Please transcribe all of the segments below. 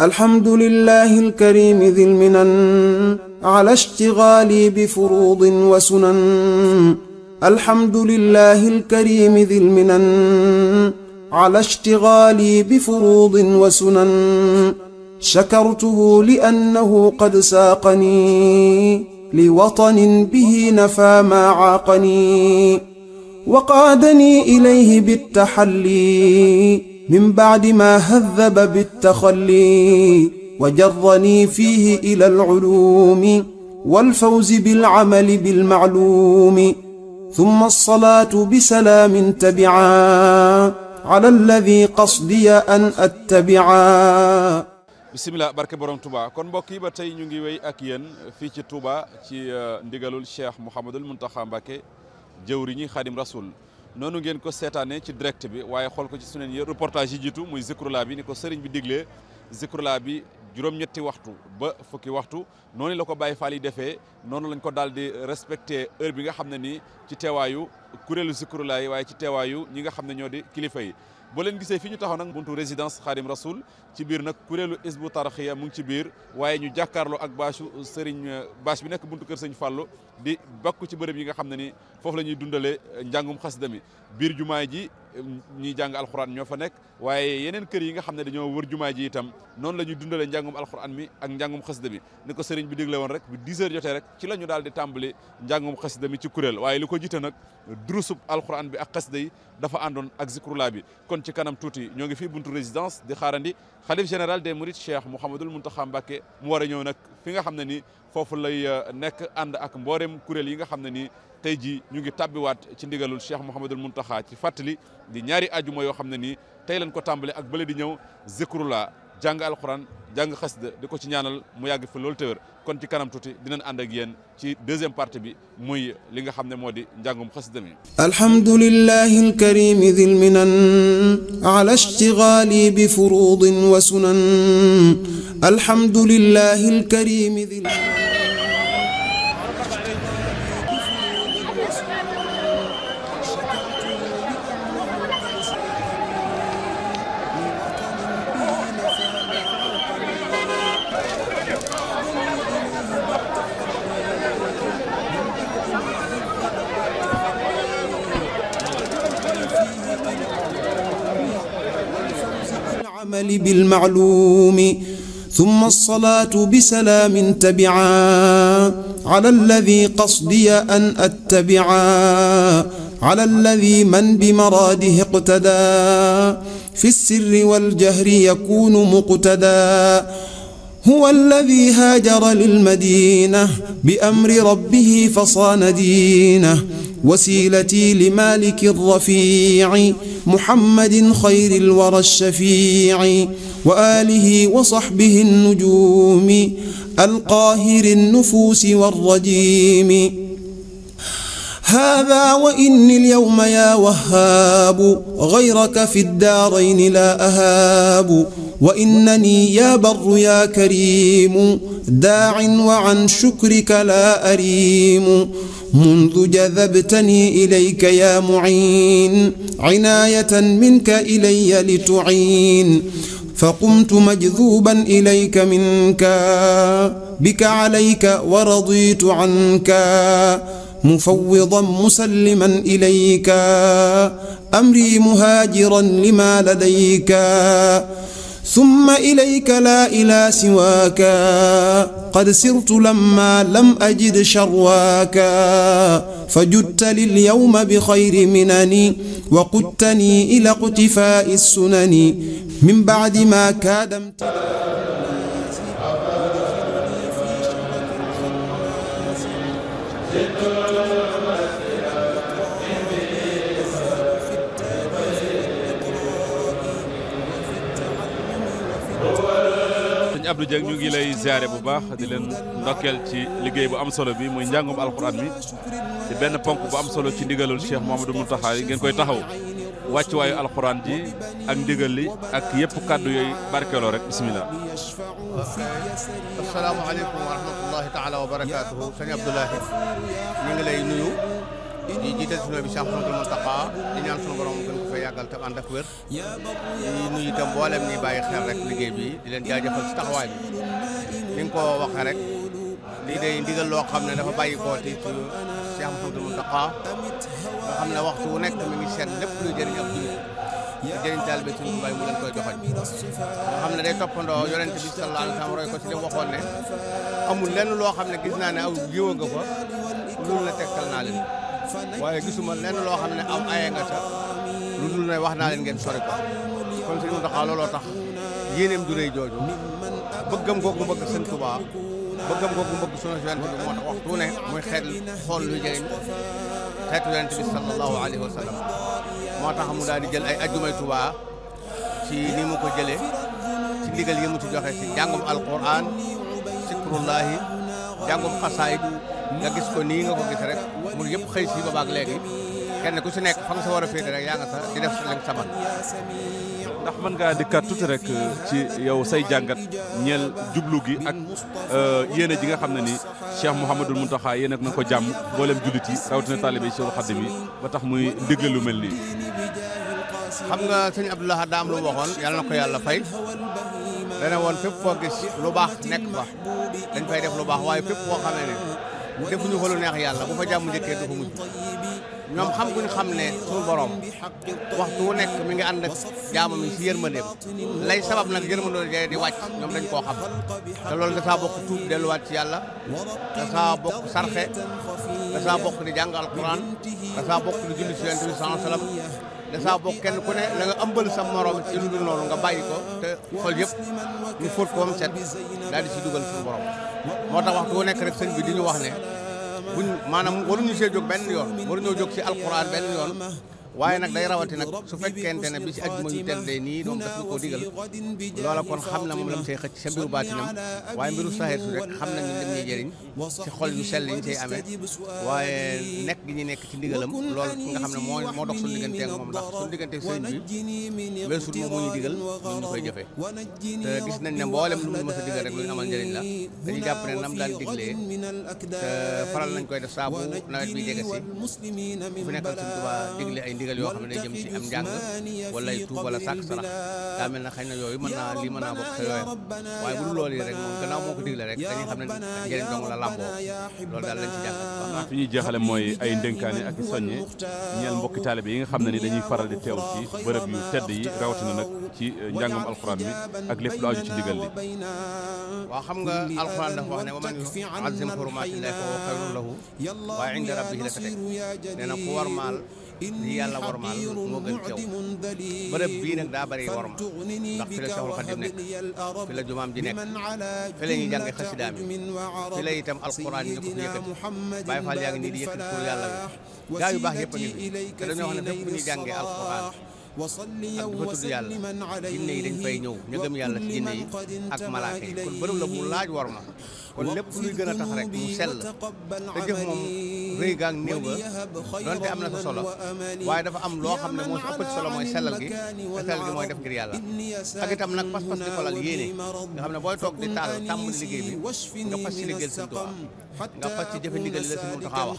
الحمد لله الكريم ذي المنن على اشتغالي بفروض وسنن الحمد لله الكريم ذي المنن على اشتغالي بفروض وسنن شكرته لأنه قد ساقني لوطن به نفى ما عاقني وقادني إليه بالتحلي من بعد ما هذب بالتخلي وجرني فيه إلى العلوم والفوز بالعمل بالمعلوم ثم الصلاة بسلام تبعا على الذي قصدي أن أتبعا بسم الله بارك بروم توبا كون بوكي با تاي نيغي وي اك يين في تي توبا تي آه، ندغالول شيخ محمد المنتخب مباكي جوري ني خادم رسول noonu ngeen ko seetaanee ci direct bi waaye xool ko ci suñu yë reportage yi jiitu muy zikrulaa bi ni ko sëriñ bi diglee zikrulaa bi juróom-ñetti waxtu ba fukki waxtu noonu la ko Baye Fall yi defee noonu lañ ko daal di respecté heure bi nga xam ne ni ci teewaayu kuréelu Zikrulaay waaye ci teewaayu ñi nga xam ne ñoo di kilifa yi boo leen gisee fi ñu taxaw nag buntu résidence Xaadim Rasoul ci biir nag kuréelu Isbu Tarxiya mu ngi ci biir waaye ñu jàkkaarloo ak bâche Serigne bâche bi nekk buntu kër Sëñ Fàllu di bakku ci bërëb yi nga xam ne ni foofu la ñuy dundalee njàngum xasida mi biir jumaay ji ñuy jàng alxuraan ñoo fa nekk waaye yeneen kër yi nga xam ne dañoo wër jumaa ji itam noonu la ñuy dundalee njàngum alxuraan mi ak njàngum xasida mi ni ko Serigne bi dégle woon rek bu 10 heures rek ci la ñu daal di tàmbali njàngum xasida mi ci kuréel waaye li ko jiite nag درسوا القرآن بأقصى دعي دفع عندهم أذكر الله بي كن تكلم توتي نيجي في بنت ريزيدنس دخارندي خليفة جنرال ديموريت شيخ محمد المنتخب بكى موارنيونك فينا خمدني فوفلي نك عند أكبرهم كرلينا خمدني تيجي نيجي تابي وات تندقلو الشيخ محمد المنتخب تفتلي دنياري أجمع يخمدني تيلن كتامبل أقبل دنيو ذكر الله jàng alxuraan jàng xasida di ko ci ñaanal mu yàgg fi loolu téwér kon ci kanam tuuti dinañ ànd ak yéen ci deuxième partie bi muy li nga xam ne moo di njàngum xasida mi alhamdulillahi alkarimi dil minan ala ishtigali bi furudin wa sunan alhamdulillahi alkarimi dil العمل بالمعلوم ثم الصلاة بسلام تبعا على الذي قصدي أن أتبعا على الذي من بمراده اقتدى في السر والجهر يكون مقتدى هو الذي هاجر للمدينة بأمر ربه فصان دينه وسيلتي لمالك الرفيع محمد خير الورى الشفيع وآله وصحبه النجوم القاهر النفوس والرجيم هذا وإني اليوم يا وهاب غيرك في الدارين لا أهاب وإنني يا بر يا كريم داع وعن شكرك لا أريم منذ جذبتني إليك يا معين عناية منك إلي لتعين فقمت مجذوبا إليك منك بك عليك ورضيت عنك مفوضا مسلما إليك أمري مهاجرا لما لديك ثم إليك لا إلى سواك قد سرت لما لم أجد شرواك فجدت لليوم بخير منني وقدتني إلى اقتفاء السنن من بعد ما كاد امتلأ Abdou Dieng ñu ngi lay ziare bu baax di leen ndokkeel ci liggéey bu am solo bi muy njàngum alxuraan mi di benn ponk bu am solo ci ndigalul Cheikh Mouhamadou Mountakha yi ngeen koy taxaw wàccuwaayu alxuraan ji ak ndigal li ak yëpp kàddu yooyu barkeeloo rek bisimilah. asalaamaaleykum wa rahmatullahi taala wa barakaatuhu sëñ Abdoulahi ñu ngi lay nuyu di yàggal tam ànd ak wér ñi nuyu itam mboolem ñi bàyyi xel rek liggéey bi di leen jaajëfal si taxawaay bi ni nga ko waxee rek lii day ndigal loo xam ne dafa bàyyi koo ci Cheikh Mouhamadou Mountakha nga xam ne waxtu wu nekk mi ngi seet lépp luy jëriñ ak jullit di jëriñ daal bi suñu bay mu leen koy joxoñ nga xam ne day toppandoo yonent bi sallallahu alayhi wa sallam roy ko ci li waxoon ne amul lenn loo xam ne gis naa ne aw yiw nga fa loolu la tegtal naa leen waaye loo xam ne am aye nga ca lu dul ne wax naa leen ngeen sori ko kon sëñ Mountakha looloo tax yéeneem du rëy jooju bëggam kooku bëgg sëñ Tuubaa bëggam kooku bëgg sunu yonent bi moo tax waxtu ne muy xeet xool lu jëriñ xeetu yonent bi sallallahu alayhi wa sallam moo tax mu daal di jël ay ajjumay Tuubaa ci ni mu ko jëlee ci ndigal yi mu ci joxe ci jàngum alquran sikrullahi jàngum xasaayid nga gis ko nii nga ko gis rek mu yëpp xëy si ba baag léegi kenn ku si nekk fa nga sa war a féete rek yaa nga sa di def sa lëng saban ndax mën ngaa dikkaat tuuti rek euh, ci yow say jàngat ñeel jublu gi ak euh, yéene ji nga xam ne ni Cheikh Mouhamadul Mountakha yéen ak na ko jàmm mboolem jullit yi rawatina taalibe Cheikh Xadim yi ba tax muy dégle lu mel nii. xam nga sëñ Abdoulaye daam lu waxoon yàlla na ko yàlla fay dana woon fépp foo gis lu baax nekk fa dañ fay def lu baax waaye fépp foo xamee ne defuñu fa lu neex yàlla bu jàmm njëkkee du ñoom xam guñ xam ne suñu borom waxtu wu nekk mi ngi ànd ak jaamam yi si yërmandeem lay sabab nag yërmandoo jee di wàcc ñoom dañ koo xam te loolu dasaa bokk tuub delluwaat ci yàlla dasaa bokk sarxe dasaa bokk di jàng alquran dasaa bokk di julli si yonent bi sallallahu alayhi wasallam dasaa bokk kenn ku ne la nga ëmbal sam morom si lu nga bàyyi ko te xol yëpp ñu fóot ko ba mu set daal di si dugal suñu borom moo tax waxtu wu nekk rek sëñ bi di ñu wax ne buñ maanaam waruñu see jóg benn yoon ñoo jóg si alquran benn yoon waaye nag day rawati nag su fekkente ne bi si ajjuma yu tedd nii doom daf ñu koo digal loola kon xam na moom la mu see xëcc sa mbiru baatinam waaye mbiru saxeer su rek xam nañ ne dem ñuy yi ñu nekk gi ñu nekk ci ndigalam loolu nga xam ne moo moo dox suñu diggante moom ndax suñu diggante sëriñ bi weesul moom moo ñu digal ñun ñu koy jëfee gis nañ ne mboolem lu mu mës a digal rek lu ñu amal njëriñ la dañuy jàpp ne nam daan diglee faral nañ koy def saabu nawet bi jege si fu nekkal suñu Tuubaa digle ay ndigal yoo xam ne jëm ci am njàng wala tuub wala sàkk sarax daa mel na xëy na yooyu mën naa lii mën naa bokk sa yooyu waaye bu dul loolu yi rek moom gannaaw la làmboo loolu daal lañ ci jàng waaw fi ñuy jeexale mooy ay ndénkaane ak i soññe ñeel mbokki taalibe yi nga xam ne ni dañuy faral di teew ci bërëb yu tedd yi rawatina nag ci eh, njàngam alxuraan bi ak lépp ci ndigal li waaw xam nga alxuraan dafa wax ne wa man yu'azzim hurumaatillaahi fa huwa xayrun lahu wa inda rabbihi la nee na li yàlla wormaal moo gën teew bërëb bii nag daa bëri worma ndax fi la Seexul Xadim nekk fi la jumaam ji nekk fi la ñuy jànge xasidaam yi fi la itam alquran yi ko fi yëkkati Baay Faal yaa ngi nii di yëkkati pour yàlla wi gaa yu baax yëpp a ngi fi te dañoo wax ne fépp bu ñuy jàngee alquran ak bu fa tudd yàlla jinne yi dañ fay ñëw ñu gëm yàlla ci jinne yi ak malaaka yi kon bërëb la mu laaj worma kon lépp luy gën a tax rek mu sell te jëf moom rëy gaag néew ga donte am na sa solo waaye dafa am loo xam ne moo pas-pas di ko lal yéene nga xam ne booy toog di taal tàmm di liggéey bi nga fas ci liggéeyal Sëñ Tuubaa nga fas ci jëfe ndigal la Sëñ Muntaxaa wax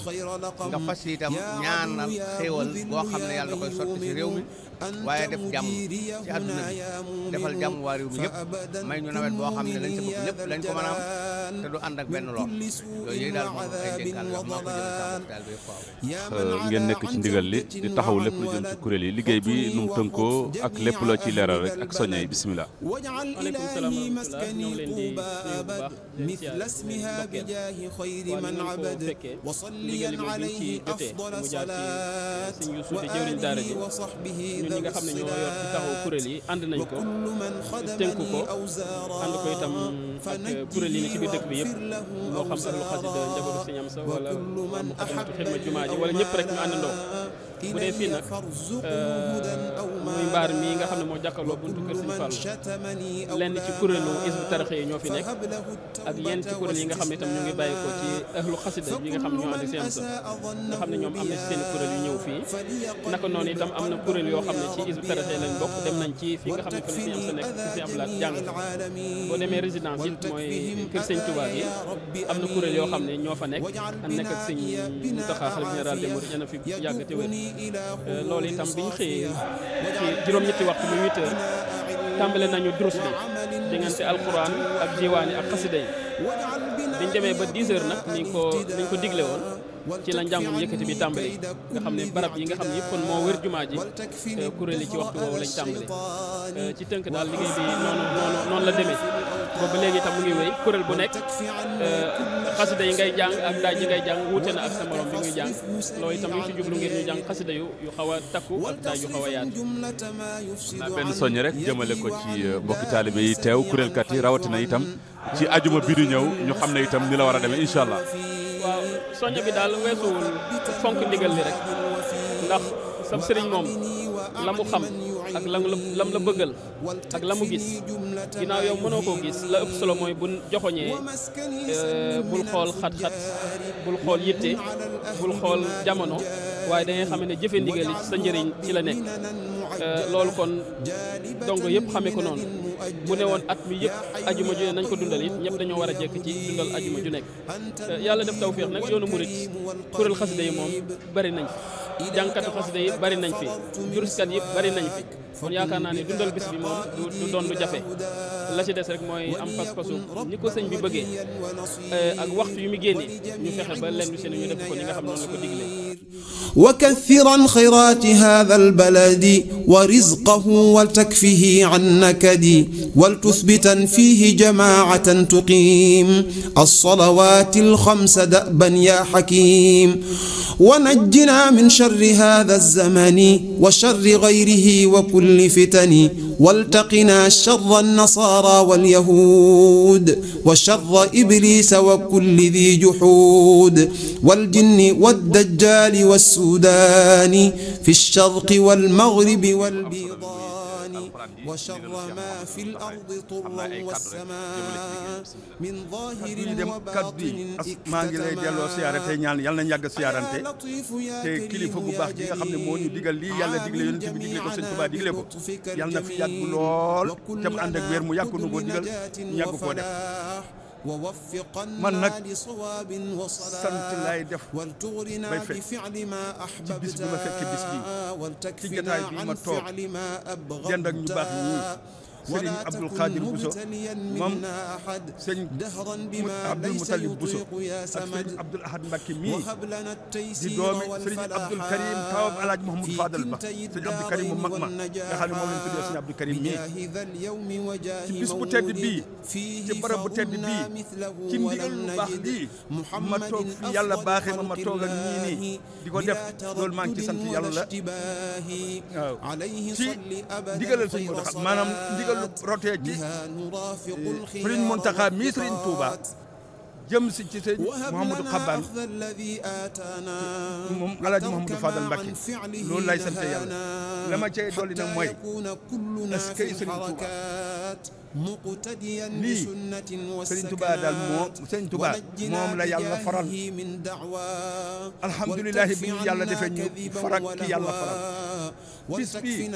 nga fas ci itam ya ñaanal ya xéewal boo xam ne ya yàlla da koy sotti ci réew mi waaye def du ànd ak benn lor yooyu yëpp daal moom ay dénkaan la maa ko jëlee taal bi faaw. ngeen nekk ci ndigal li di taxaw lépp lu jëm ci kuréel yi liggéey bi nu mu tënkoo ak lépp loo ciy leeral rek ak soññe yi bisimilah. waaleykum salaam wa rahmatulah ñoo ngi leen di nuyu bu baax di siyaare waaw ko fekkee ndigal li moom ci jotee mu jaar ci suñu suuti jëwriñ daara ji ñun ñi nga xam ne ñoo yor ci taxaw kuréel yi ànd nañ ko tënk ko ànd ko itam. ak kuréel yi ne ci biir dëkk bi yëpp moo xam ahlu xasida njabootu Sëñ Amsa wala am xadamatu xidma jumaa ji wala ñëpp rek ñu àndandoo bu dee fii nag muy mbaar mii nga xam ne moo jàkkaarloo buntu kër Sëñ Fallu lenn ci kuréelu isbu taraxe yi ñoo fi nekk ak yenn ci kuréel yi nga xam ne itam ñoo ngi bàyyi ko ci ahlu xasida yi nga xam ne sa xam ne ñoom am na ci seen kuréel yu ñëw fii naka noonu itam am na kuréel yoo xam ne ci isbu taraxe lañ bokk dem nañ ci fii nga xam ne fa la Sëñ Amsa kër Sëñ Tuubaa yi am na kuréel yoo xam ne ñoo fa nekk am nekk ak Sëñ Muntaxa xalifa général des mourides fi yàgg te wér loolu itam bi ñu juróom-ñetti wax muy 8 heures tàmbale nañu durus bi diggante alquran ak jiwaani ak xasida yi ñu demee ba 10 heures nag niñ ko niñ ko digle woon ci la njàngum yëkkati bi tàmbale nga xam ne barab yi nga xam ne yëpp kon moo wër jumaa ji eh, kuréel yi ci waxtu woowu lañ tàmbale eh, ci tënk daal liggéey bi noonu noonu noonu la demee boobu léegi itam mu ngi wéy kuréel bu nekk eh, xasida yi ngay jàng ak daaj yi ngay jàng wuute na ak sa morom bi muy jàng loolu itam ñu ci jublu ngir ñu jàng xasida yu yu xaw a takku ak daaj yu xaw a yaatu naa benn soññ rek jëmale ko ci mbokki taalibe yi teew kuréelkat yi rawatina itam ci ajuma bi du ñëw ñu xam ne itam ni la war a demee incha allah soñño bi daal weesuwul fonk ndigal li rek ndax sab sëriñ moom la mu xam ak lam lam la bëggal ak la mu gis ginnaaw yow mënoo koo gis la ëpp solo mooy bu joxoñee euh, bul xool xat-xat bul xool yitte bul xool jamono waaye da ngay xam ne jëfe ndigal li sa njëriñ ci la nekk Euh, loolu kon donc yëpp xamee ko noonu bu ne woon at mi yëpp ajuma ju ne nañ ko dundal it dañoo war a jekk ci dundal ajuma ju nekk euh, yàlla def tawféex nag yoonu murit kuréel xasida yi moom bari nañ fi jànkatu xasida yi bari nañ fi juruskat yi bari nañ fi kon yaakaar naa ne dundal bis bi moom du doon lu jafe la ci des rek mooy am pas-pasu ni ko sëñ bi bëggee euh, ak waxtu yu muy génnee ñu fexe ba lenn lu si ne ñu def ko ni nga xam noonu la ko diglee وكثرا خيرات هذا البلد ورزقه ولتكفه عن نكد ولتثبتا فيه جماعة تقيم الصلوات الخمس دأبا يا حكيم ونجنا من شر هذا الزمن وشر غيره وكل فتن والتقنا شر النصارى واليهود وشر إبليس وكل ذي جحود والجن والدجال والسودان في الشرق والمغرب والبيضان wa ma fi l-ardi turran wa samaa min zaahirin wa baatinin maa ngi lay delloo siyaare tey ñaan yal nañ yàgg siyaarante te kilifa bu baax bi nga xam ne moo ñu digal lii yàlla digle yonent bi digle ko sëñ Tuubaa digle ko yal na fi yàgg lool te ànd ak weer mu yàgg nu ko digal ñu yàgg def ووفقنا لصواب وصلاة ولتغرنا بفعل ما أحببت ولتكفنا عن فعل ما أبغضت سيرين عبد القادر بوسو مام سيرين دهرا بما عبد المطلب بوسو يا سمد عبد الاحد مكي مي وهب لنا التيسير سيرين عبد الكريم تواب على محمد فاضل با سيرين عبد الكريم مكما يا خالي مولين تدي سيرين عبد الكريم مي هذا اليوم وجاه بس بوتيد بي في برب بوتيد بي كي ديال الباخ دي محمد توك في يالا باخي ما توغ ني ني ديكو ديف لول مانكي سانت يالا آه. عليه صلي ابدا ديغال سيرين rotee ci Sëriñ Muntaxa mi Sëriñ Tuuba jëm si ci sëñ Mouhamadou Xaban moom El Hadj Mouhamadou Fadal Mbacke loolu lay sant yàlla la ma cay dolli nag mooy askay Serigne Touba lii Serigne Touba daal moo Serigne Touba moom la yàlla faral alhamdulilah bi ñu yàlla defee ñu farak ki yàlla faral. bis bii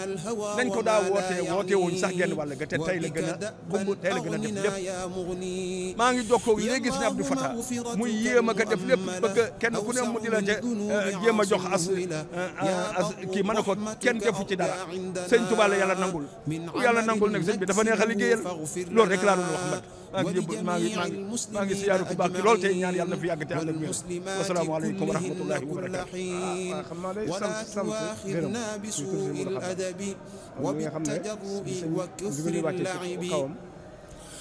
nañ ko daa wootee wootee wuñ sax genn wàll ga te tey la gën a gumb tey la gën a def lépp maa ngi jokkoo léegi si Abdou Fata muy yéem a ko def lépp bëgg kenn ku ne mu di la ca eh, jéem a jox as eh, eh, as kii mën na ko kenn defu ci dara sëñ Tuubaa la yàlla nangul ku yàlla nangul nag sëñ bi dafa neex a liggéeyal loolu rek laa doon wax mbat maa ngi yëpp maa ngi maa ngi siyaare ku baax lool tey ñaan yàlla na fi yàgg te ànd ak wér wasalaamaaleykum wa rahmatullahi wa barakaatu waaw xam naa lay sant sant gërëm ñu tur bi mun a xam li nga xam ne sëñ bi ma ñuy wàccee ci kawam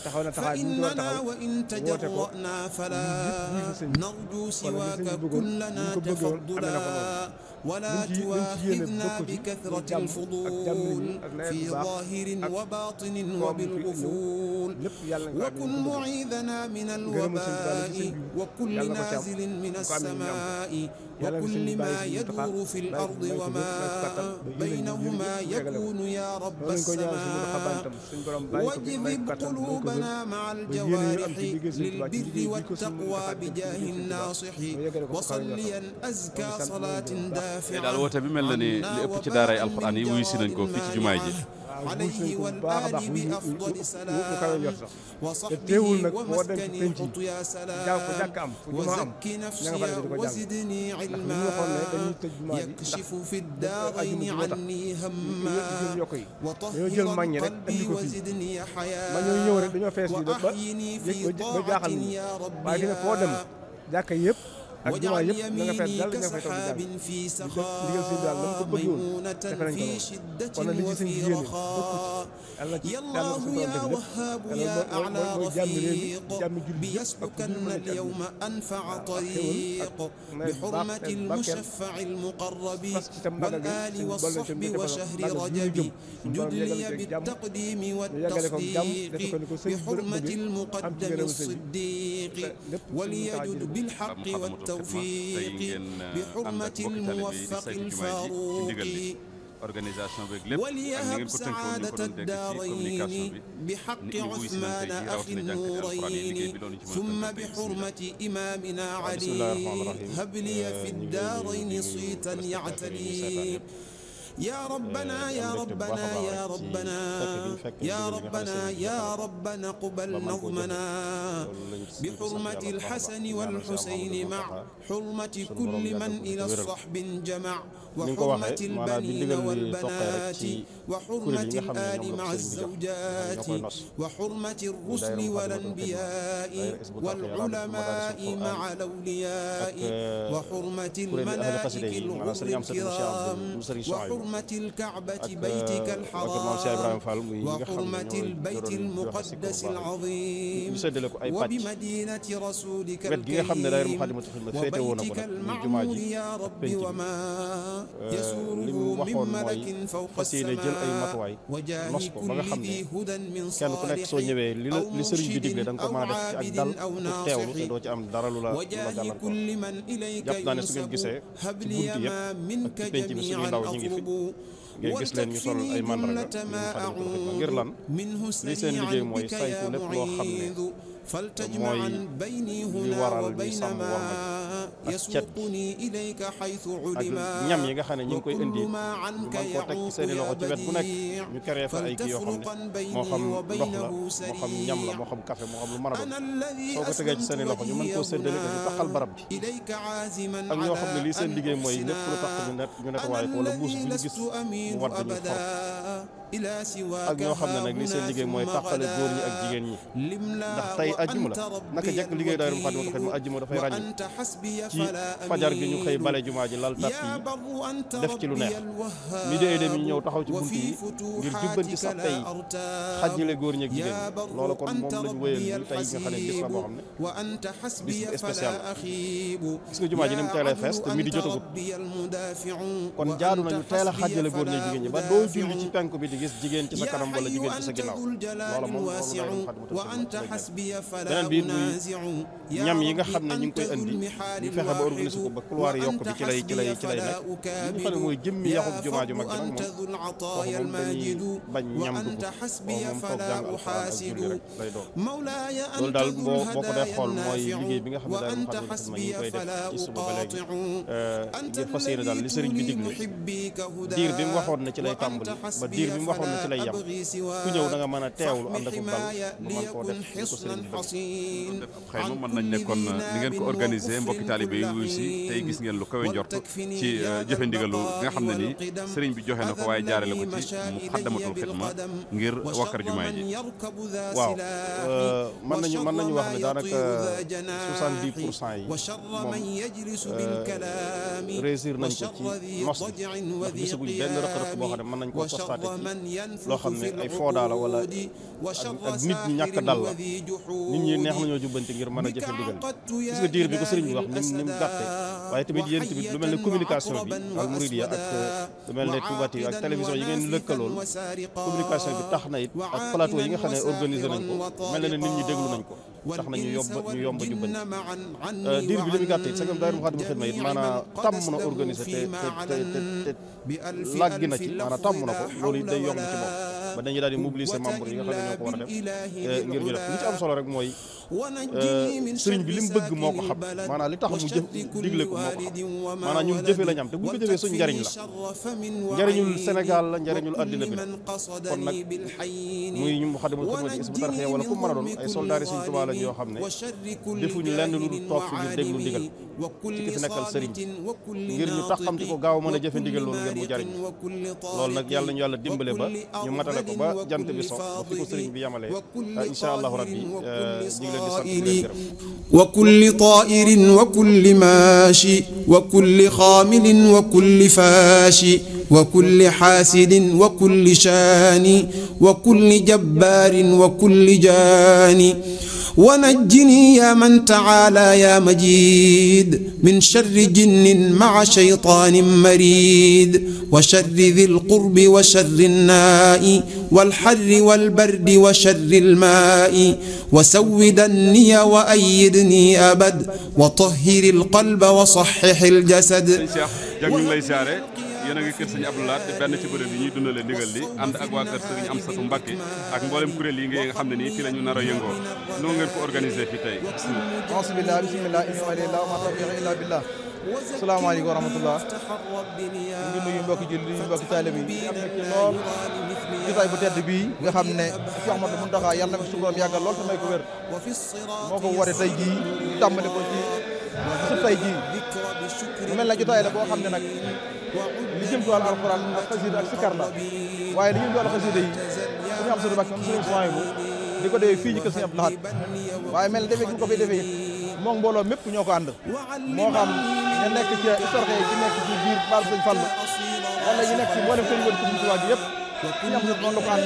taxaw na taxaw ñu doon taxaw woote ko ñu jiitu sëñ bi kon li sëñ bi bëggoon ñu ko bëggoon amee na ko noonu ولا تواخذنا بكثرة الفضول في ظاهر وباطن وبالغفول وكن معيذنا من الوباء وكل نازل من السماء وكل ما يدور في الأرض وما بينهما يكون يا رب السماء واجذب قلوبنا مع الجوارح للبر والتقوى بجاه الناصح وصليا أزكى صلاة دائمة te daal woote bi mel na ni li ëpp ci daaray alxuraan yi wuyu si nañ ko fii ci jumaa ji عليه والآل بأفضل السلام وصحبه ومسكن قطيا سلام وزك نفسي وزدني علما يكشف في الدارين عني هما وطهر قلبي وزدني حياة وأحيني في طاعة يا ربي واجعل يميني كسحاب في سخاء ميمونة في شدة وفي رخاء يا الله يا وهاب يا أعلى رفيق بيسلكن اليوم أنفع طريق بحرمة المشفع المقرب والآل والصحب وشهر رجب جدلي بالتقديم والتصديق بحرمة المقدم الصديق وليجد بالحق والتقديم بالتوفيق طيب، آه، بحرمة الموفق الفاروق وليهب سعادة الدارين بحق e عثمان أخي النورين ثم بحرمة إمامنا علي هب لي في آه، الدارين صيتا يعتلي يا ربنا آه، يا ربنا يا ربنا يا ربنا يا ربنا قبل نظمنا بحرمة الحسن نعم، والحسين مع حرمة كل من إلى الصحب جمع وحرمة البنين والبنات وحرمة الآل مع الزوجات يعني وحرمة الرسل والأنبياء والعلماء مع الأولياء وحرمة الملائكة الغر الكرام وحرمة الكعبة بيتك الحرام وحرمة يعني البيت المقدس العظيم وبمدينة رسولك الكريم وبيتك المعمول يا رب وما Euh, li mu waxoon mooy fas yéene jël ay matuwaay los ko ba nga xam ne kenn ku nekk soo ñëwee li la li sëriñ bi di da nga ko mën a def ci ak dal te teewlu te doo ci am dara lu la lu la gàllankoor jàpp naa ne su ngeen gisee ci bunt yëpp ak ci penc bi suñuy ndaw ñi ngi fi ngeen gis leen ñu sol ay mandarga ngir lan li seen liggéey mooy saytu lépp loo xam ne فلتجمعا بيني هنا وبين ما يسوقني إليك حيث علما نعم نعم وكل ما عنك نعم يعوق يا بديع فلتفرقا بيني وبينه سريع أنا الذي أسلمت وجهي إليك عازما على أن أحسنا أنا الذي لست أمين أبدا ak ñoo xam ne nag li seen liggéey mooy tàqale góor ñi ak jigéen ñi ndax tey ajjuma la naka jekk liggéey daayira Moukhaddamatoul Khidma ajjuma dafay ràññ ci fajar gi ñu xëy bale jumaa ji lal ci lu neex midi et demi ñu ñëw taxaw ci bunt yi ngir jubbanti sax tey xajjale góor ñi ak jigéen ñi loolu kon moom lañu wéyal ni tey nga xam ne bis la boo xam ne bis bu spécial gis nga jumaa ji ni mu teel a fees te midi jotagut kon jaadu nañu teel a xajjale góor ñi ak jigéen ñi ba doo julli ci penku bi gis jigéen ci sa kanam wala jigéen ci sa ginnaaw loola moom beneen bi muy ñam yi nga xam ne ñu ngi koy andi ñu fexe ba organiser ko ba couloir yokk bi ci lay ci lay ci lay nekk li nga xam ne mooy jëmmi yaxub jumaa ju mag ji nag moom kooku moom dañuy bañ ñam dugg kooku moom toog jàng alxuraan ak julli rek lay doon loolu daal boo boo ko dee xool mooy liggéey bi nga xam ne daal mu xam ne ñu koy def ci suba ba léegi ngir fas yéene daal li sëriñ bi digle diir bi mu waxoon ne ci lay tàmbali ba diir bi mu waxoon na ci lay yem ku ñëw da nga mën a teewlu ànd ak dal nga mën koo def ni ko sëriñ bi xëy na mën nañ ne kon ni ngeen ko organisé mbokki taalibe yi wuy si tey gis ngeen lu kawe njort ci jëfe ndigalu bi nga xam ne nii sëriñ bi joxe na ko waaye jaarale ko ci mu xaddamatul xidma ngir wakkar jumaa ji waaw mën nañu mën nañu wax ne daanaka 70 pour cent yi moom réussir nañ ko ci nos bi ndax gisaguñ benn rëq-rëq boo xam ne mën nañ koo constaté loo xam ne ay foodaa la wala ak nit ñi ñàkk dal la nit ñi neex nañoo jubbanti ngir mën a jëfe ndigal diir bi ko sëriñ bi wax ni mu gàtte waaye tamit yéen tamit lu mel ne communication bi ak Mouridiya ak euh, lu yi ngeen lëkkalool communication bi tax na it ak plateau yi nga xam ne organisé nañ ko mel na ne nit ñi déglu nañ ko tax na ñu yomb ñu yomb euh, diir bi li gàtte it sa ngam daayira Moukhaddamatoul Khidma it maanaam na organisé te te te te na ci maanaam na ko yomb ci moom ba dañuy daal di mobiliser membre yi nga xam ñoo ko a def eh, ngir ñu def li ci solo rek mooy Euh, sëriñ bi li mu bëgg moo ko xam maanaam li tax mu jëf digle ko moo ko xam maanaam ñun jëfe la ñam te bu ñu ko jëfee suñu njariñ la njariñul Sénégal la njariñul àddina bi la kon nag muy ñu Muxaddamatul Xidma ci Hizbut Tarqiyyah wala suñu Tuubaa yoo xam ne defuñu lenn lu dul toog fi ngir déglu ndigal ci ki fi nekkal sëriñ tax xam te ko gaaw mën a jëfe ndigal loolu ngir mu jariñ loolu nag yàlla ñu yàlla dimbale ba ñu matale ko ba jant bi so ba fi ko sëriñ bi yamale insha allahu euh, الطائر وكل طائر وكل ماشي وكل خامل وكل فاشي وكل حاسد وكل شاني وكل جبار وكل جاني ونجني يا من تعالى يا مجيد من شر جن مع شيطان مريد وشر ذي القرب وشر الناء والحر والبرد وشر الماء وسودني وأيدني أبد وطهر القلب وصحح الجسد yéen ngi kër sëñ Abdou Lahad benn ci béréb yi ñuy dundale ndigal li ànd ak waa kër sëriñ Amsatu Mbàkke ak mboolem kuréel yi nga xam ne nii fii la ñu nar a yëngoo lu ngeen ko organisé fii tey bismillah bismillah inalila ma tawfiq illa billah salaamaaleykum wa rahmatullah ñu nuyu mbokki julli ñu mbokki taalibe yi na ci lool jotaay bu tedd bii nga xam ne Cheikh Ahmadou Mountakha yàlla na ko suñu borom yàggal lool te may ko wér moo ko ware tey jii tàmbali ko ci su tey jii mu mel na boo xam ne nag li jëm ci wàllu alxuraan ak xasida ak sikar la waaye li jëm ci wàllu xasida yi suñu am sunu bàkk am sunu soin bu di ko defee fii ñu kër suñu Abdou Lahad waaye mel defee gi ko ko ànd moo xam ñu nekk ci historique yi ñu am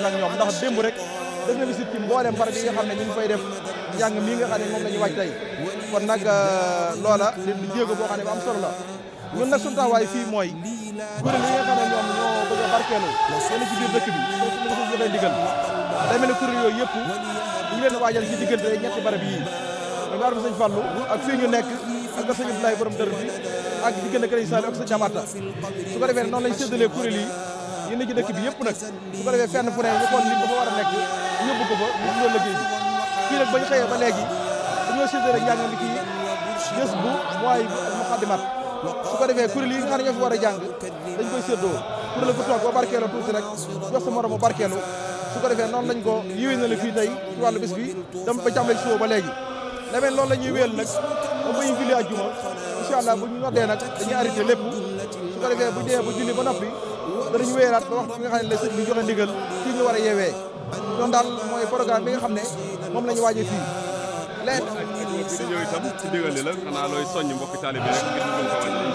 la la ñu wàcc tey kon nag euh, solo la ñun nag sunu fii mooy kuréel yi nga xam ñoom ñoo barkeelu yéen ci dëkk bi foofu la ko joxee ndigal day mel ne yëpp ñu yii dañu war a sëñ Fallou ak fii nekk ak nga sëñ Abdoulaye borom dër bi ak diggante kër yi ak sëñ Amata su ko defee noonu lañ séddalee yi yi ne bi yëpp nag su fenn fu ne ñu xool li dafa war nekk ñëpp ko ñu loolu liggéey bi fii nag bañ xëyee ba léegi dañoo séddale njàng mi ci gës bu mooy muqaddimat su ko defee kuréel yi ñoo fi war a jàng dañ koy séddoo kuréel ku ba barkeelu tuuti rek jox sa a barkeelu su ko defee noonu lañ yiwee na la fii tey ci wàllu bis bi dem ba jàmbale nag ba bañu julli àjjuma bu ñu noddee nag dañuy arrêté lépp su ko defee bu demee ba julli ba noppi danañu wéyalaat ba waxtu bi nga xam la sëñ bi joxe ndigal fii war a yeewee loolu daal mooy programme bi nga xam ne moom la ñu waajee bi di ñëw itam ci ndigal li la xanaa looy soññ mbokki taalibe ñu mën ko wàññi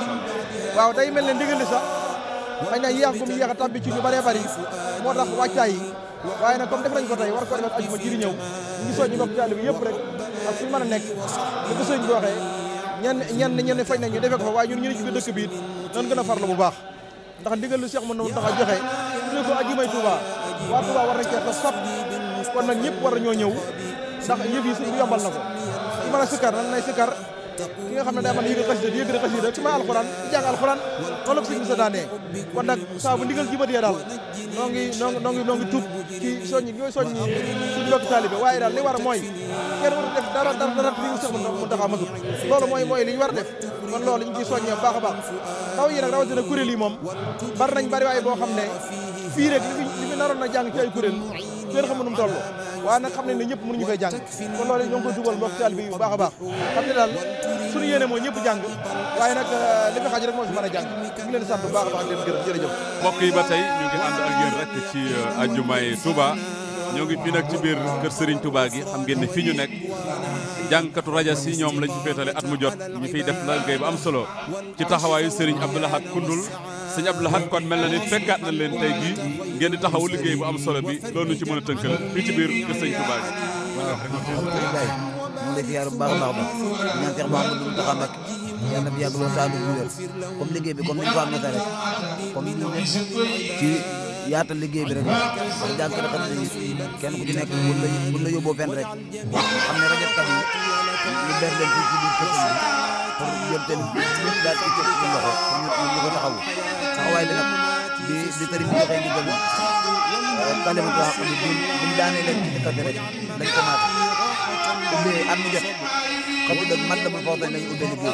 waaw day mel ne ndigal li sax xëy na yéex gum yéex a tàbbi ci ñu bëree bëri moo tax wàccaay yi waaye na comme def nañ ko tey war ko defee ajuma ji di ñëw ñu ngi soññ mbokki taalibe yëpp rek ak fu ñu mën a nekk bu ko sëñ bi waxee ñenn ñenn ñenn fañ nañ ñu defee ko fa waaye ñun ñu ne ci biir dëkk bi it nan gën a farlu bu baax ndax ndigal lu Cheikh mën na tax a joxe ñu ko ajumay Touba waa Touba war nañ cee toog kon nag ñëpp war nañoo ñëw ndax yëf yi suñu yombal na ko mën a sikkar nan nay sikkar ki nga xam ne day mën a yëkkati xasida di yëkkati xasida ci may alxuraan di alxuraan loolu ko sëñ bi sa daanee kon nag saa daal noo ngi noo ngi noo ngi noo ngi taalibe waaye daal li war mooy kenn war a def dara dara dara li sax mu taxaw ma loolu mooy mooy li ñu war a def kon loolu ñu ciy baax a baax taw yi nag rawatina kuréel yi moom bari waaye boo xam ne fii rek naroon na jàng ci waa nak xam ne ne ñëpp mënuñu fay jàng kon loolu ñoo ngi koy dugal mbokk taalibe bi bu baax baax xam ne daal suñu yéene mooy ñëpp waaye nag euh, li fi rek moo si mën a jàng ñu ngi leen a baax leen gërëm jërëjëf mbokk yi ba tey ñu ngi ànd ak yéen rek euh, ñoo ngi fii nag ci biir kër sëriñ Touba gi xam ngeen ne fii ñu nekk jàngkatu rajo si ñoom lañ ci féetale at mu jot ñu fiy def la ngay am solo ci taxawaayu Serigne Abdoulahad Koundoul sëñ Abdou Lahad kon mel na ni fekkaat na leen tey jii ngeen di taxawu liggéey bu am solo bi loolu ci mën a tënkal fii ci biir kër sëñ Touba gi. waaw alhamdulilah ñu ngi lay a baax a baax ñaan Cheikh Mouhamadou Mountakha Mbacké yàlla na fi yàgg loolu taal bu wér liggéey bi comme ni ko amee rek comme ni ñu ci yaatal liggéey bi rek ak jànkale kat yi kenn ku ci nekk buñ la la yóbboo fenn rek xam ne rajo kat yi ñu ber leen fii ci biir kër kon yoon tamit ñëpp daal di jot ci loxo pour ñu ñu ko taxawu taxawaay bi nag di di bi joxe ndigal kalimatu xaq bi bu ñu daanee leen ci café rek lañ ko naat ubbee xam nga man la ma foofu lañ lañ ubbee liggéey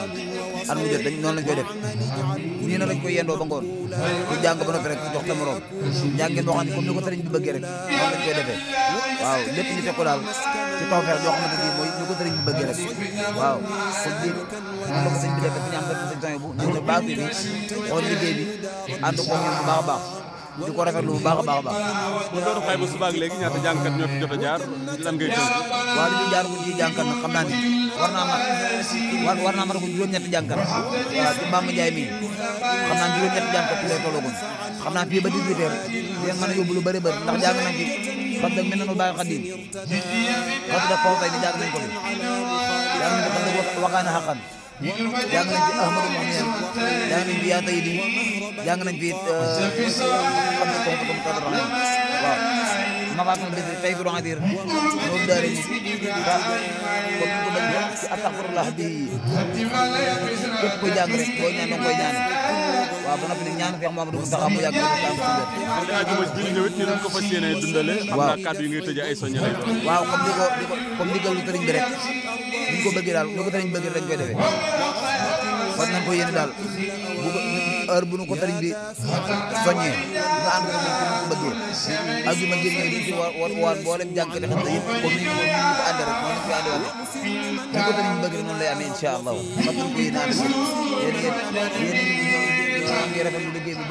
at mu jot dañ noonu lañ koy def nii na lañ koy yendoo ba ngoon ku jàng ba noppi rek jox sa morom njàngeen boo xam ne comme ni ko sëriñ bi bëggee rek noonu lañ koy defee waaw lépp ñu fekku daal ci tawfeex yoo xamante ni mooy ni ko sëriñ bi bëggee rek waaw kon lii ko sëriñ bi defee fi ñu am rek sëriñ bu ñu ne baax bi xool liggéey bi ànd ko ñun bu baax a baax di ko rafetlu bu baax a baax a baax. bu doon xayma suba ak léegi ñaata jàngkat ñoo fi jot a jaar lan ngay tënk. waaw li ñu jaar ko ci jàngkat nag xam naa ne warna warna warna war naa mën a ko juróom-ñetti jànkat waaw ci Bamba Ndiaye mii xam dia juróom-ñetti jànkat beri jangan xam jangan fii ba 18 heures dinañ mën a jangan lu bëri tidak ndax jàng jangan ci fab dag jangan na nu bàyyi jangan fab dag faw tay ni jàng nañ ko fi jàng nañ ko غمام مثل فيض عذير نور داري استغفر الله به ko jàng rek ko ñaan ko ñaan waaw ba noppi ñaan Cheikh Mamadou Moustapha mu yàgg ko ko fas yéene dundale xam naa kàddu yi ngay tëjee ay soññe lay doon waaw comme ni ko comme ni ko sëriñ bi rek ni ko bëggee daal ni ko sëriñ bëggee lañ koy defee fas nañ ko yéene daal bu heure bu nu ko sëriñ bi soññee nga ànd ko moom bëggee waat ko sëriñ bi bëgg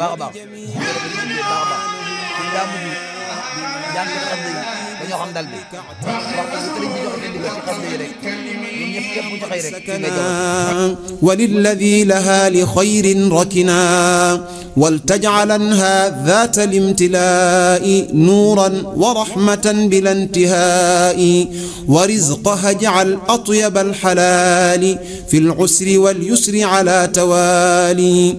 a baax baax a baax وللذي لها لخير ركنا ولتجعلنها ذات الامتلاء نورا ورحمة بلا انتهاء ورزقها اجعل أطيب الحلال في العسر واليسر على توالي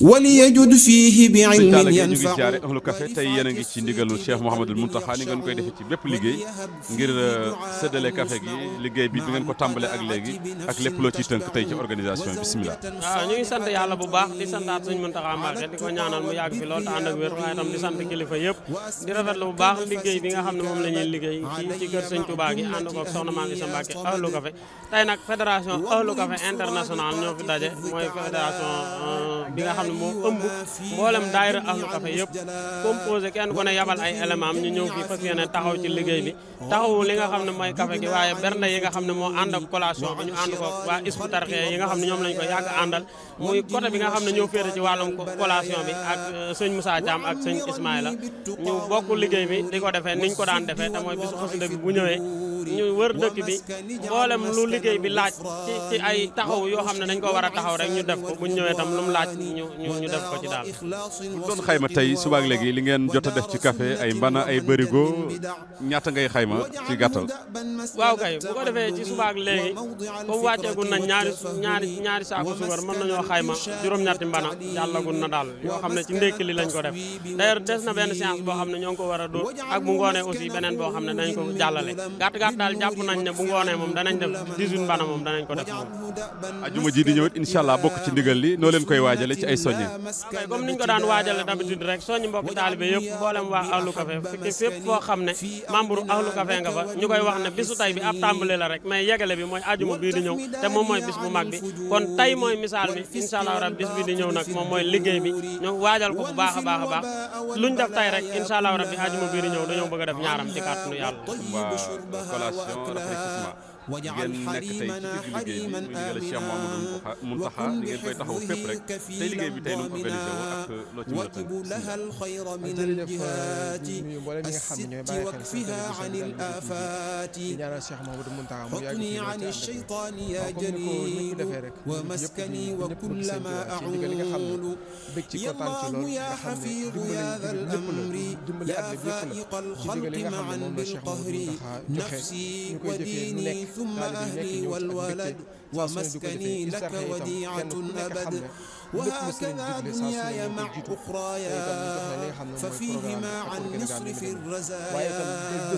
وليجد فيه بعلم ينفع الشيخ محمد المنتخا ني غنكاي ديفي سي بيب ليغي غير سدالي كافي غي ليغي بي غنكو تامبالي اك ليغي اك ليپ لو تي تنك تاي سي اورغانيزاسيون بسم الله اه نيغي سانت يالا بو باخ دي سانتات سيني منتخا ماخ ديكو نانال مو ياغ في لول تاند وير واي تام دي سانت كليفا ييب دي رافات لو باخ ليغي بيغا خامن موم لا ني ليغي كي سي كير سيني توبا غي اند كو سونا ماغي سان باكي اولو كافي تاي نك فيدراسيون اولو كافي انترناسيونال نيو في داجي موي فيدراسيون بيغا خامن xam ne moo ëmb mboolem daayira ahlu café yëpp composé kenn ku ne yabal ay élément am ñu ñëw fii fas yéene taxaw ci liggéey bi taxawu li nga xam ne mooy café gi waaye bernde yi nga xam ne moo ànd ak bi ñu ànd ko waa isbu tarxe yi nga xam ne ñoom lañ ko yàgg àndal muy côté bi nga xam ne ñoo féete ci wàllum collation bi ak euh, sëñ Moussa Thiam ak sëñ Ismaïla ñu bokk liggéey bi di ko defee niñ ko daan defee te mooy bisu xasida bi bu ñëwee ñu wër dëkk bi mboolem lu liggéey bi laaj ci ci ay taxaw yoo xam ne dañ ko war a taxaw rek ñu def ko bu ñu ñëwee tam lu mu laaj ñu ñu def ko ci daal. bu doon xayma tey subaak léegi li ngeen jot a def ci café ay mbana ay bërigo ñaata ngay xayma ci gàttal. waaw kay bu ko defee ci subaak léegi comme wàcceegul na ñaari ñaari ñaari saako suukar mën nañoo xayma juróom-ñatti mbana jàllagul na daal yoo xam ne ci ndékki li lañ ko def d'ailleurs des na benn séance boo xam ne ñoo ngi ko war a dóor ak bu ngoonee aussi beneen boo xam ne ko jàllale gàtt gàtt daal jàpp nañ ne bu ngoonee moom danañ def 18 bana moom danañ ko def moom ajuma ji di ñëwit incha bokk ci ndigal li noo leen koy waajale ci ay soññe kay comme niñ ko daan waajale d'habitude rek soññ mbokk taalibe foo xam ne membre ahlu café nga fa ñu koy wax ne bisu tay bi ab tàmbali la rek mais yegale bi mooy ajuma bii ñëw te moom mooy bis bu mag bi kon tay mooy misaal bi incha rab bi di ñëw nag moom mooy liggéey bi ñu waajal ko bu baax a baax a baax luñ appellation rafraîchissement وجعل حريمنا حريما آمنا وكن بحفظه كفيلا ضامنا وكب لها الخير من الجهات الست وكفها عن الآفات حقني عن الشيطان يا جليل ومسكني وكل ما أعول يا الله يا حفيظ يا ذا الأمر يا فائق الخلق معا بالقهر نفسي وديني ثم أهلي والولد ومسكني إيه؟ لك وديعة أبد وهكذا دنياي مع أخرايا ففيهما عن نصرف الرزايا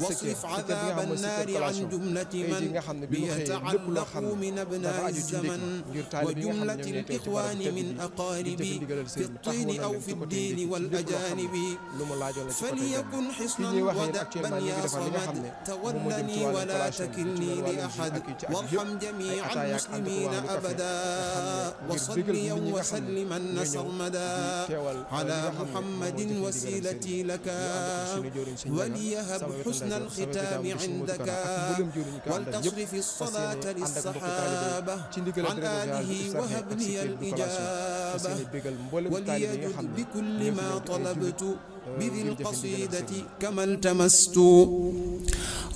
واصرف عذاب النار عن جملة من بيتعلق من أبناء الزمن وجملة الإخوان من أقاربي في الطين أو في الدين والأجانب فليكن حصنا ودأبا يا صمد تولني ولا تكلني لأحد وارحم جميع المسلمين أبدا وصلي يوم وسلمن سرمدا على محمد وسيلتي لك وليهب حسن الختام عندك ولتصرف الصلاة للصحابة عن آله وهبني الإجابة وليجد بكل ما طلبت بذي القصيدة كما التمست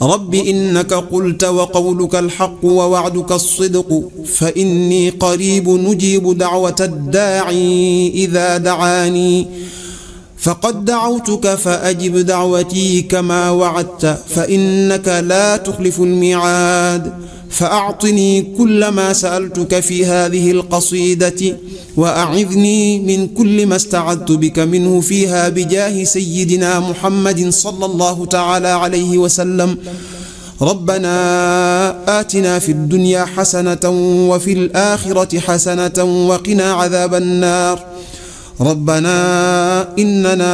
رب إنك قلت وقولك الحق ووعدك الصدق فإني قريب نجيب دعوة الداعي إذا دعاني فقد دعوتك فأجب دعوتي كما وعدت فإنك لا تخلف الميعاد فأعطني كل ما سألتك في هذه القصيدة وأعذني من كل ما استعدت بك منه فيها بجاه سيدنا محمد صلى الله تعالى عليه وسلم ربنا آتنا في الدنيا حسنة وفي الآخرة حسنة وقنا عذاب النار ربنا إننا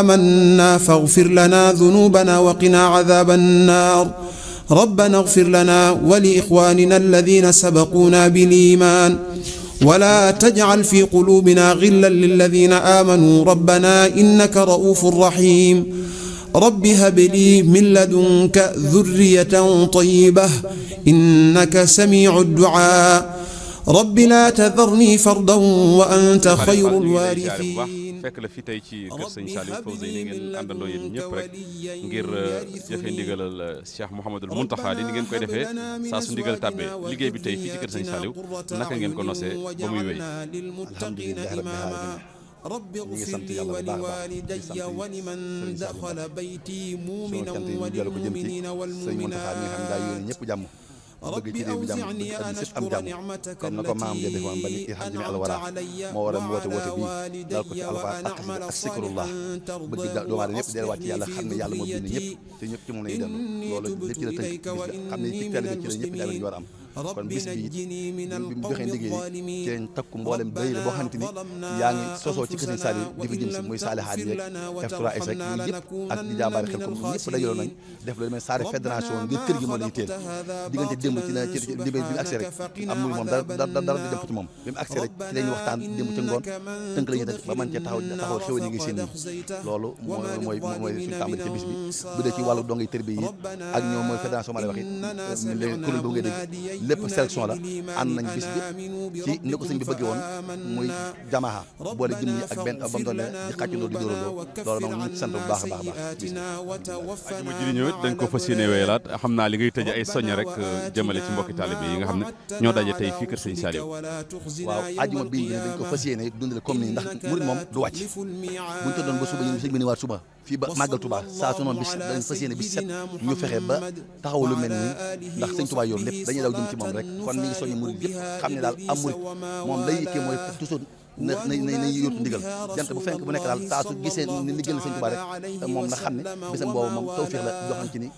آمنا فاغفر لنا ذنوبنا وقنا عذاب النار ربنا اغفر لنا ولإخواننا الذين سبقونا بالإيمان ولا تجعل في قلوبنا غلا للذين آمنوا ربنا إنك رؤوف رحيم رب هب لي من لدنك ذرية طيبة إنك سميع الدعاء رب لا تذرني فردا وأنت خير الوارثين fekk la fi tey ci kër sëñ Saliou Fawzey ni ngeen àndandoo yéen ñëpp rek ngir euh, jëfe ndigalal euh, Cheikh Mouhamadul Mountakha li ni ngeen koy defee saa su ndigal tàbbee liggéey bi tey fii ci kër sëñ Saliou naka ngeen ko nosee ba muy wéy alhamdulilah rabbil alamin رب اغفر لي ولوالدي ولمن دخل بيتي مؤمنا والمؤمنين والمؤمنات ربي أوزعني أن أشكر نعمتك التي أنعمت علي وعلى والدي وأن أعمل صالحا ترضي وأصلح لي ذريتي إني تبت إليك وإني من المسلمين kon bis bi bi mu joxee ndigal ci lañ takku mboolem daayira boo xamante ni yaa ngi sosoo ci kër Sëriñ Saliou di jëm si muy saalihaat yeeg f rek def loolu mais saare bi mu ak ñoom mooy fédération ma lay wax it kuréel boobu ngay dégg lépp sélection la ànd nañ bis bi ci ni ko sëñ bi bëggee woon muy jamaha boole jëm ñi ak benn ba mu doole di xàccandoo di dóorandoo loolu sant bu baax a baax a baax. ajuma ji di ñëw it dañ ko fas yéene wéyalaat xam naa li ngay tëj ay soññ rek euh, jëmale ci mbokki taalibe yi nga xam ne ñoo daje tey fii kër sëñ Saliou. waaw ajuma bii dañ ko fas yéene dundale comme nii ndax murit moom du wàcc buñ ko doon ba suba ñu sëñ bi ni waat suba في مغل ان ساسونو بيش دا فاسيني بيش سات نيو فخه با تاخو لو ملني داخ سيغ توبا يور ليب دا نيو داو ديم تي موم ريك كون نيغي سوني موري ييب ان دال امور موم داي يكي موي توسو ناي ناي ناي يورتو ديغال جانت بو فنك بو نيك دال تاسو غيسه ني ليغال سيغ توبا ريك موم نا خامني بيسام ان موم توفيق لا جوخانتي ني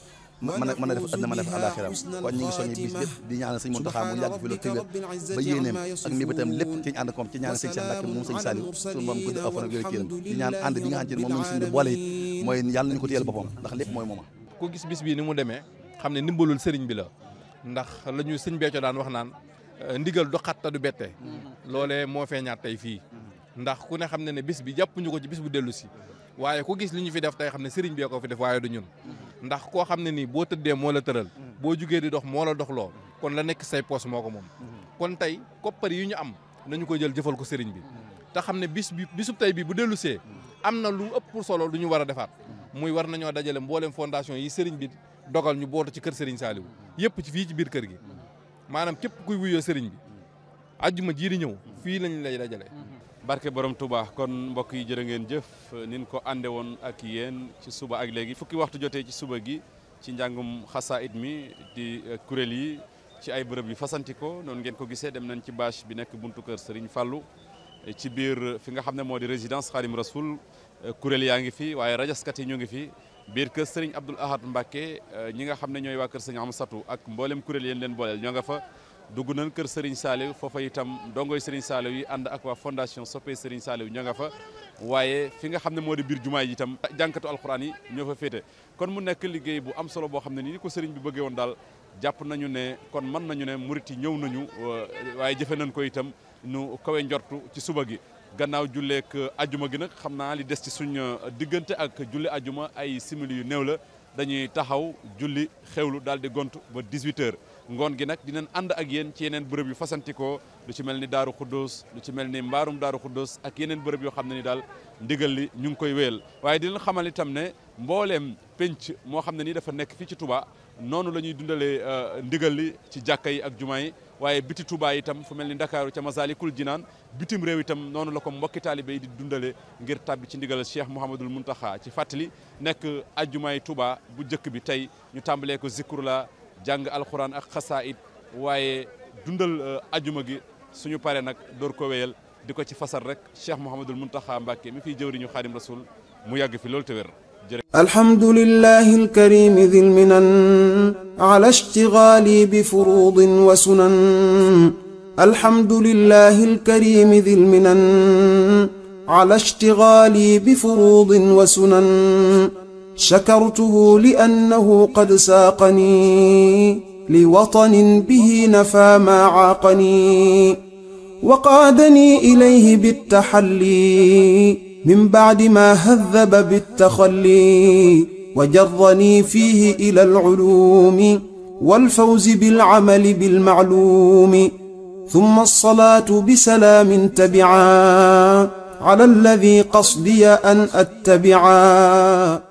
mën a a def àddina mën a def àllaaxiram kon ñu ngi soññi bis yëpp di ñaanal sëñ Muntaxa mu yàgg fi lu tëgg ba yéeneem ak mébétam lépp ci ñu ànd koom ci ñaanal sëñ Cheikh Mbacke moom sëñ Saliou suñu moom gudd aw fan ak ne boole it mooy yàlla nañu ko téyel boppam ndax lépp mooy mooma ku gis bis bii ni mu demee xam ne ndimbalul sëriñ bi la ndax la ñu sëñ Béthio daan wax naan euh, ndigal du xatta du bette loolee moo fee feeñaat tey fii ndax ku ne xam ne ne bis bi jàppuñu ko ci bis bu dellu si waaye ku gis ñu fi def tey xam ne sëriñ bi ko fi def waaye du ndax koo xam ne nii boo tëddee moo la tëral mm. boo jugee di dox moo la dox lool mm. kon la nekk say poos moo ko moom mm. kon tey koppar yi ñu am nañu ko jël jëfal ko sëriñ bi te xam ne bis bi bisub tey bi bu dellu see am na lu ëpp solo lu ñu war a defaat muy war nañoo dajale mboolem fondation yi sëriñ bi dogal ñu bootu ci kër sëriñ Saaliw yëpp ci fii ci biir kër gi maanaam képp kuy wuyoo sëriñ bi ajjuma jii di ñëw fii lañ lay dajale barke borom Touba kon mbokk yi jërë ngeen jëf nin ko ànde woon ak yéen ci suba ak léegi fukki waxtu jotee ci suba gi ci njàngum xasaayit mi di eh, kuréel yi ci ay bërëb yu fasantikoo noonu ngeen ko gisee dem nañ ci bâche bi nekk buntu kër Serigne Fallou eh, ci biir fi nga xam ne moo di résidence Khadim Rasoul eh, kuréel yaa ngi fi waaye rajaskat yi ñu ngi fi biir kër sëriñ Abdoul Ahad Mbacké ñi nga xam ne ñooy waa kër Serigne Amsatou ak mboolem kuréel yéen leen booleel ñoo nga fa dugg nañ kër Serigne Saliou foofa itam dongoy Serigne Saliou yi ànd ak waa fondation soppee Serigne Saliou ña nga fa waaye fi nga xam ne moo di biir jumaa yi itam jànkatu alxuraan yi ñoo fa féete kon mu nekk liggéey bu am solo boo xam ne nii ko sëriñ bi bëggee woon daal jàpp nañu ne kon mën nañu ne murit ñëw nañu euh, waaye jëfe nañ ko itam nu kawe njortu ci suba gi gannaaw julleek euh, ajuma gi nag xam naa li des ci suñ euh, diggante ak julli ajuma ay simili yu néew la dañuy taxaw julli xewlu daal di gont ba 18 heures ngoon gi nag dinañ ànd ak yéen ci yeneen bërëb yu fasantikoo lu ci mel ni daaru xuddoos lu ci mel ni mbaarum daaru xuddoos ak yeneen bërëb yoo xam ne ni daal ndigal li ñu ngi koy wéyal waaye dinañ xamal itam ne mbooleem penc moo xam ne ni dafa nekk fii ci Touba noonu la ñuy dundalee euh, ndigal li ci jàkka yi ak jumaa yi waaye biti Touba yitam fu mel ni Ndakaaru ca Masaalikul Jinaan bitim réew itam noonu la ko mbokki taalibe yi di dundale ngir tàbbi ci ndigal Cheikh Mouhamadul Muntaxa ci fàttali nekk ajjumaay Touba bu njëkk bi tey ñu tàmbalee ko zikur la jàng alquran ak khasaid waye dundal aljuma gi suñu pare nak dor ko wéyal diko ci fassal rek cheikh Mouhamadul Mountakha mbake mi fiy jëwriñu khadim rasoul mu yag fi lol te wér الحمد لله الكريم ذي المنن على اشتغالي بفروض وسنن الحمد لله الكريم ذي المنن على اشتغالي بفروض وسنن شكرته لأنه قد ساقني لوطن به نفى ما عاقني وقادني إليه بالتحلي من بعد ما هذب بالتخلي وجرني فيه إلى العلوم والفوز بالعمل بالمعلوم ثم الصلاة بسلام تبعا على الذي قصدي أن أتبعا